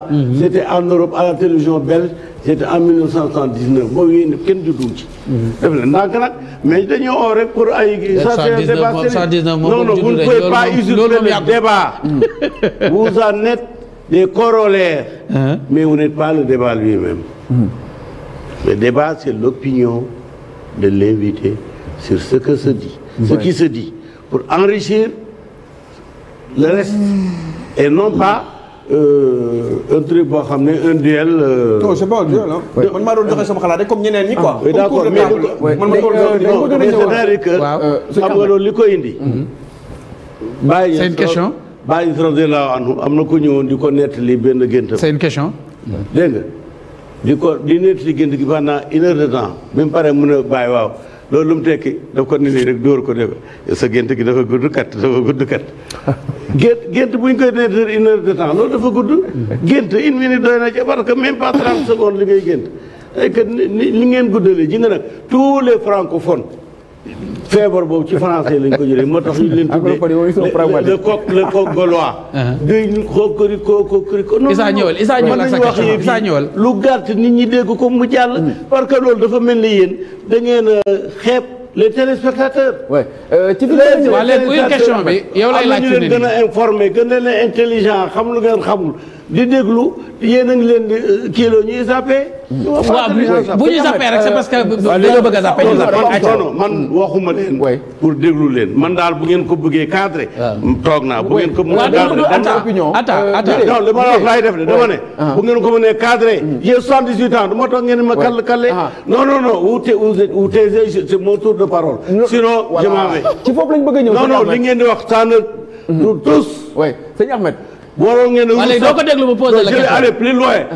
Mmh. C'était en Europe à la télévision belge c'était en 1979 boobu yéen ñëpp kenn ci. Mhm. def c'est débat non non vous pas le débat. Mhm. vous en êtes des corollaires. mais vous n'êtes pas le débat lui-même. Mhm. le débat c'est l'opinion de l'invité sur ce que se dit pour enrichir le reste. et non pas. Euh, un boo xam ne un duel. Euh, non c'est pas un duel man maa doon joxe sama xalaat rek comme ñeneen ñi quoi. Ah, d'accord mais man euh, ko indi. Mhm. bàyyi c'est une question. bàyyi radiyallahu anhu am na ku ñëwoon di ko nettali benn gént. c'est une question. dégg di ko di nettali gént gi bi mu paree mu ne waaw. loolu lu mu tekki daf ko ne nii rek dóor ko ne ko sa gént gi dafa gudd kat dafa gudd kat gént gént bu ñu koy déter une heure de temps loolu dafa gudd gént une minute doy na ci parce que même pas 30 secondes li ngay gént ay kat ni ngeen guddale ji nga nag tous les francophones feebar boobu ci français lañ ko jëlee moo tax ñu leen tuddee le coq le coq gaulois. dañ kokoriko kokoriko. non Issa ñëwal Issa ñëwal ak sa question Issa ñëwal lu gàtt nit ñi dégg ko mu jàll. Mm-hmm. parce que loolu dafa mel ni yéen da ngeen euh, xeeb les téléspectateurs. oui euh, ci biir téléspectateurs bi yow lay laaj ci ne nii am na ñu leen gën a informé gën leen a xam lu ngeen xamul. di déglu yéen a ngi leen di euh, kilo ñuy zappé. waaw bu ñuy zappé rek sa parce que dañoo bëgg a zappé ñu zappé. non man waxuma leen. pour déglu leen man daal bu ngeen ko bëggee cadré. Ah. toog naa bu ngeen ko mën a cadré. waaw euh, non li ma la wax laay def de dama ne. Ah. bu ngeen ko mënee cadré. Hmm. ans du ma toog ngeen ma kàll kàlle. Ah. non non non wuute wuute c'est mon de parole. sinon je ci foofu lañ bëgg a ñëw. non non ngeen di wax ça ne. du hmm. tous. waroon ngeen a. doo ko déglu bu posé la question je vais aller plus loin. Ah.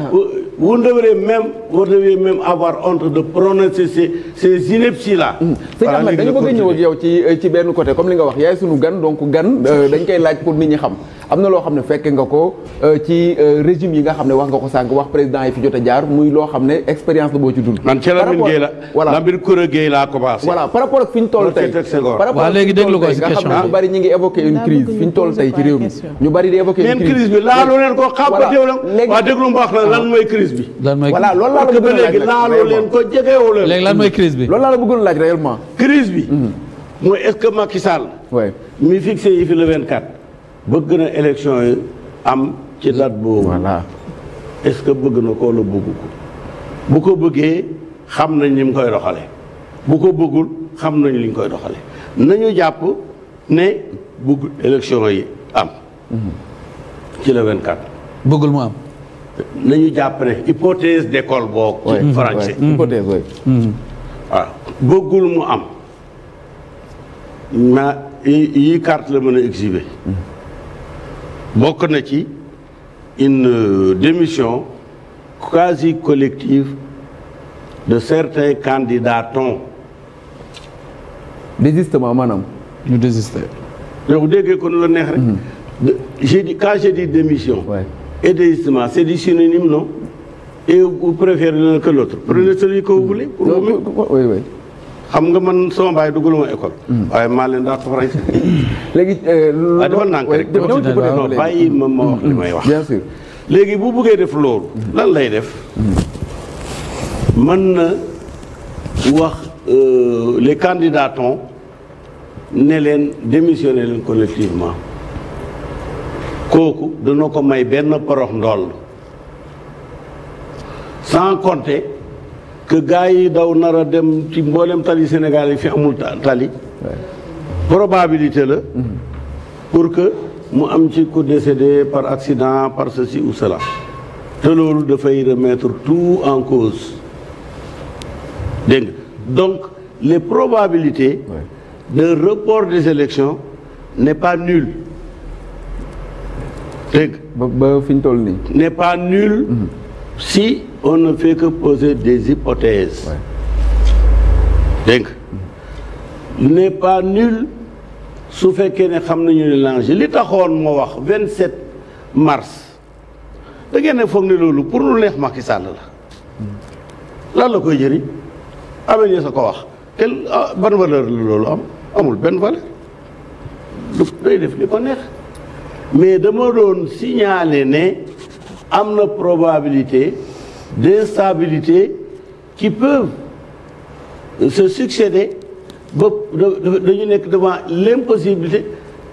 vous devrez même vous devez même avoir honte de prononcer ces ces inepties là. Mmh. sëñ Ahmed dañu bëgg a ñëw ak yow ci ci benn côté comme li nga wax yaay sunu gan donc gan euh, dañ koy laaj pour nit ñi xam. am na loo xam ne fekke nga ko euh, ci euh, régime yi nga xam ne wax nga ko sànq wax président yi fi jot a jaar muy loo xam ne expérience la boo ci dund. man ci la mbir Guèye la voilà la mbir kuréel Guèye nga xam ne ñu bari ñu ngi évoqué une crise fi ñu toll tey ci réew mi ñu bari di évoqué une crise bi laaloo leen ko xam ba teew la leen ko jegewoo leen léegi lan mooy crise bi loolu laa la bëggoon laaj réellement crise bi mhm. mooy est-ce que Macky mi fixé yi fi le 24 bëgg na élection yi am ci date boobu. voilà est-ce que bëgg na ko wala bëgg ko bu ko bëggee xam nañ ni mu koy doxale bu bëggul xam nañ li koy doxale nañu jàpp ne bugg élection yi am. Mhm. ci le 24. bëggul mu am. nañu jàpp ne hypothèse d'école boog. ci français hypothèse waaw mhm. bëggul mu am. na yi carte la mën a exhiber. Mhm. bokk na ci une euh, démission quasi collective de certains candidatons. désistement maanaam. ñu désister. yow déggee ko nu la neex rek. Mhm. j'ai dit quand j'ai dit démission. Ouais. et c'est du synonyme non. et vous préférez l'un que l'autre. prenez mhm. celui que vous voulez. pour vous-même. oui xam nga man sama baay dugaluma école. Hmm. waaye maa leen dàq français. léegi euh, loolu defal naa ko rek non bàyyi ma ma wax li hmm, may hmm, wax. bien sûr léegi bu buggee def lan lay def. mën na wax euh, les candidatons ne leen démissionné leen collectivement kooku dana ko may benn porox ndoll sans compter. que gars yi daw nar a dem ci mboolem tali Sénégal yi fi amul tali probabilité la mm-hmm. pour que mu am ci ku décédé par accident par ceci ou cela te loolu dafay remettre tout en cause dégg nga donc les probabilités de report des élections n'est pas nul dégg ba fi ñu nii n'est pas nul mm-hmm. si on na fait que des hypothèses. dégg nga n'est pas nul su fekkee ne xam nañu ne li taxoon moo wax 27 mars da ngeen ne foog ne loolu pour lu neex Macky Sall la lan la koy jëriñ amee ñu sa ko wax kenn ah, ban valeur la loolu am amul benn valeur du day def li ko neex mais dama doon signaler ne am na probabilité. d'instabilité qui peuvent se succéder dañu nekk devant l'impossibilité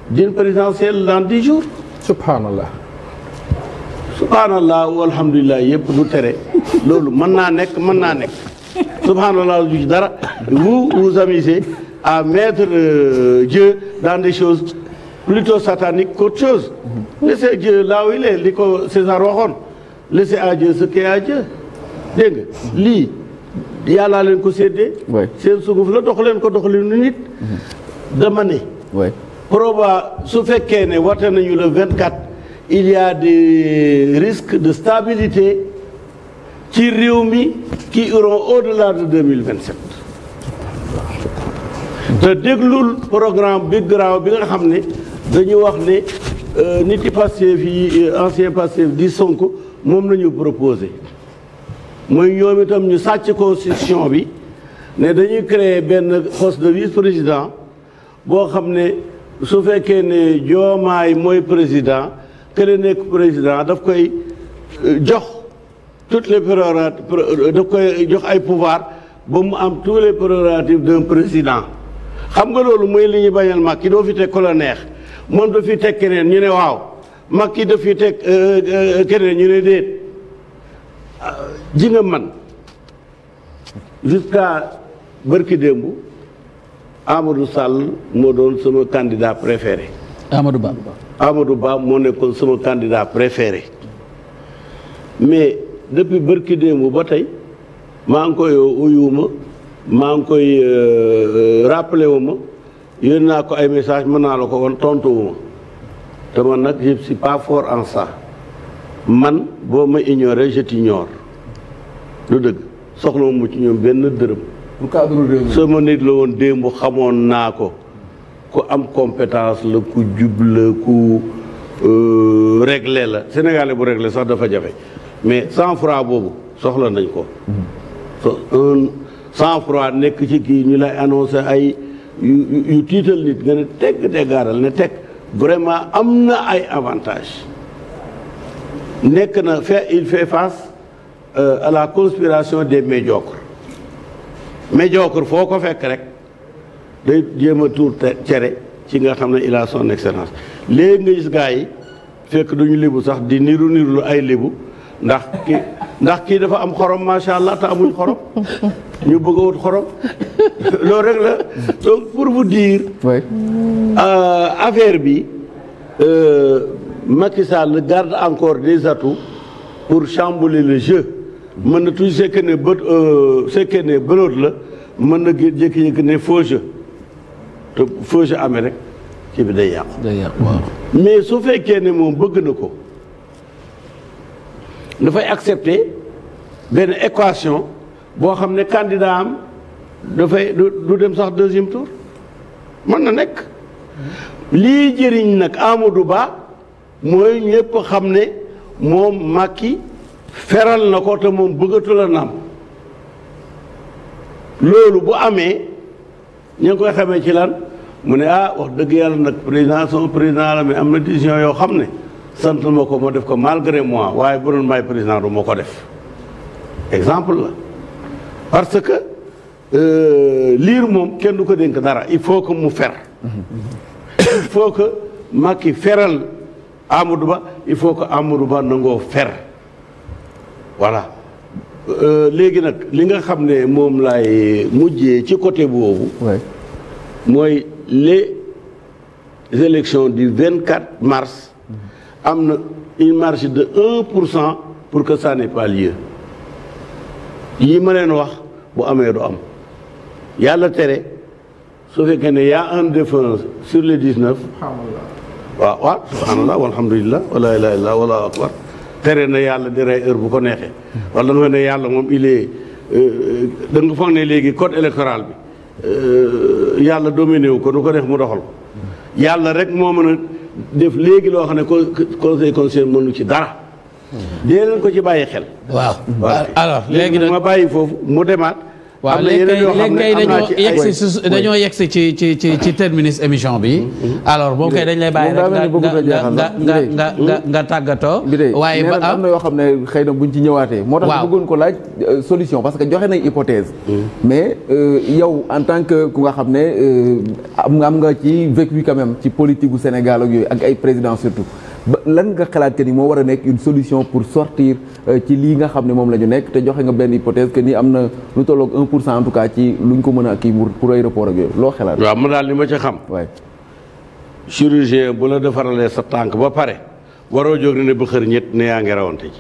d'une présidentielle dans dix jours. subhanallah. subhanallah walhamdulilah yëpp du tere loolu mën naa nekk mën naa nekk subhanallah dara vous vous amusez à mettre euh, Dieu dans des choses plutôt sataniques qu'autre chose. laissez mm-hmm. Dieu là où li ko César waxoon. laissez à Dieu ce qui est dégg nga lii yàllaa leen ko séddee. seen sunguf la dox leen ko dox leen nit. dama ne. proba su fekkee ne wate nañu le 24 il y de des risques de stabilité ci réew mi qui iront au-delà de 2027. te déglul programme bi garaaw bi nga xam ne dañu wax ne euh, nit yi Pastef yi euh, ancien Pastef di Sonko. moom la ñu proposé mooy ñoom itam ñu sàcc constitution bi ne dañuy créer benn poste de vice président boo xam ne su fekkee ne joomaay mooy président kële nekk président daf koy euh, jox toutes les prérogatives euh, daf koy jox ay pouvar ba mu am tous les prérogatives d'un président xam nga loolu mooy li ñu bañal mag ki doo fi teg ko la neex moom doo fi teg keneen ñu ne waaw Macky daf fi teg euh, euh, keneen ñu ne déet ji man jusqu'à bërki démb Amadou Sall moo doon sama candidat préféré. Amadou Ba Amadou Ba moo nekkoon sama candidat préféré mais depuis bërki démb ba tey maa ngi koy uyuwuma maa ngi koy euh, rappelé wu ma yónnee naa ko ay message mën naa la ko woon tontu wu te man nag je suis pas fort en ça man boo ma ignoré je t'ignore lu dëgg soxla mu ci ñoom benn dërëm. lu cadre réew sama nit la woon démb xamoon naa ko ku am compétence la ku jub la ku euh, réglé la Sénégalais bu réglé sax dafa jafe mais cent franc boobu soxla nañ ko. so un nekk ci kii ñu lay annoncé ay yu yu tiital nit nga ne tegg teggaaral ne teg. vraiment am na ay avantages nekk na fait il fait face euh, à la conspiration des médiocres médiocre foo ko fekk rek day jéem a tuur cere ci nga xam ne il a son excellence léegi nga gis yi fekk duñu lébu sax di niru niru ay libu ndax ki ndax kii dafa am xorom macha allah te amuñ xorom ñu bëgg a wut xorom loolu rek la donc pour vous dire. Euh, affaire bi euh, Macky Sall garde encore des atouts pour chambouler le jeu. mën na tuuti sekkee ne bët euh, sekkee ne bëloot la mën na jékki-jékki ne faux jeu te faux jeu rek kii bi day yàqu. day yàqu waaw mais su fekkee ne moom bëgg na ko. dafay accepter benn équation boo xam ne candidat am dafay du dem sax deuxième tour mën na nekk lii jëriñ nag du Ba mooy ñëpp xam ne moom Macky feral na ko te moom bëggatula naam loolu bu amee ñu ngi koy xamee ci lan mu ne ah wax dëgg yàlla nag président son président la am na décision yoo xam ne sant ma ko moo def ko malgré moi waaye bu doon may président du ma ko def exemple la parce que euh, liir moom kenn du ko dénk dara il faut que mu fer il faut que Macky feral Amadou Ba il faut que Amadou Ba nangoo fer voilà euh, léegi nag li nga xam ne moom lay mujje ci côté boobu mooy les élections du 24 mars am na une marge de pour cent pour que ça n'ait pas ma leen wax bu amee du am yàlla tere su fekkee ne yaa un défunt sur les dix neuf waaw waaw subhanallah walhamdulillah wala ilaha tere na yàlla di rey heure bu ko neexee wala nga ne yàlla moom il e da nga foog ne léegi code électoral bi euh, yàlla dominé wu ko du ko neex mu doxal yàlla rek moo mën a def léegi loo xam ne conseil constitutionnel mënu ci dara. Hmm. dee leen ko ci bàyyi xel. waaw alors léegi nag ma bàyyi foofu mu demaat. waaw léegi kay dañoo yegsi su dañoo yegsi ci ci ci ci terminus émission bi mhm. alors boo dañ lay bàyyi rek nga nga nga hmm? nga nga tàggatoo waaye ba am na ah. yoo xam ne xëy na buñ ci ñëwaatee moo tax bëggoon ko laaj euh, solution parce que joxe nañ hypothèse hmm. mais euh, yow en tant que ku nga xam ne am euh, nga am nga ci vécu que même ci politique gu Sénégal ak yooyu ak ay président surtout ba lan nga xalaat que ni moo war a nekk une solution pour sortir euh, ci lii nga xam ne moom la ñu nekk te joxe nga benn hypothèse que ni am na lu tolloog 1 pour cent en tout cas ci luñ mën a kii pour aéroport ak yooyu loo xalaat. waaw man daal li ma ca xam. waay chirurgien bu sa tànk ba pare waroo jóg ne ba xër ñett ne yaa ngi rawante ji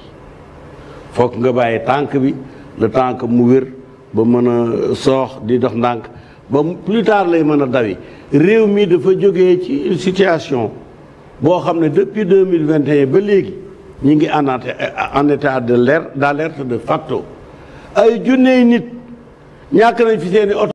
foog nga bàyyi tànk bi le tànk mu wér ba mën a euh, soox di dox ndànk ba plus tard lay mën a dawi réew mii dafa jóge ci situation. boo xam ne depuis deux mille vingt et ba léegi ñu ngi en état de l'alerte de facto ay junney nit ñàkk nañ fi seeni oto